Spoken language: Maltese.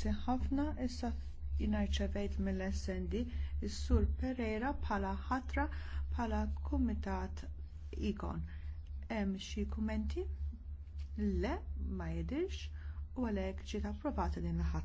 Grazzi ħafna issa jinarċevejt mill-SND is-Sur Pereira bħala ħatra bħala kumitat ikon. Hemm xi kummenti? Le, ma jidirx u għalhekk ġiet approvata din il-ħatra.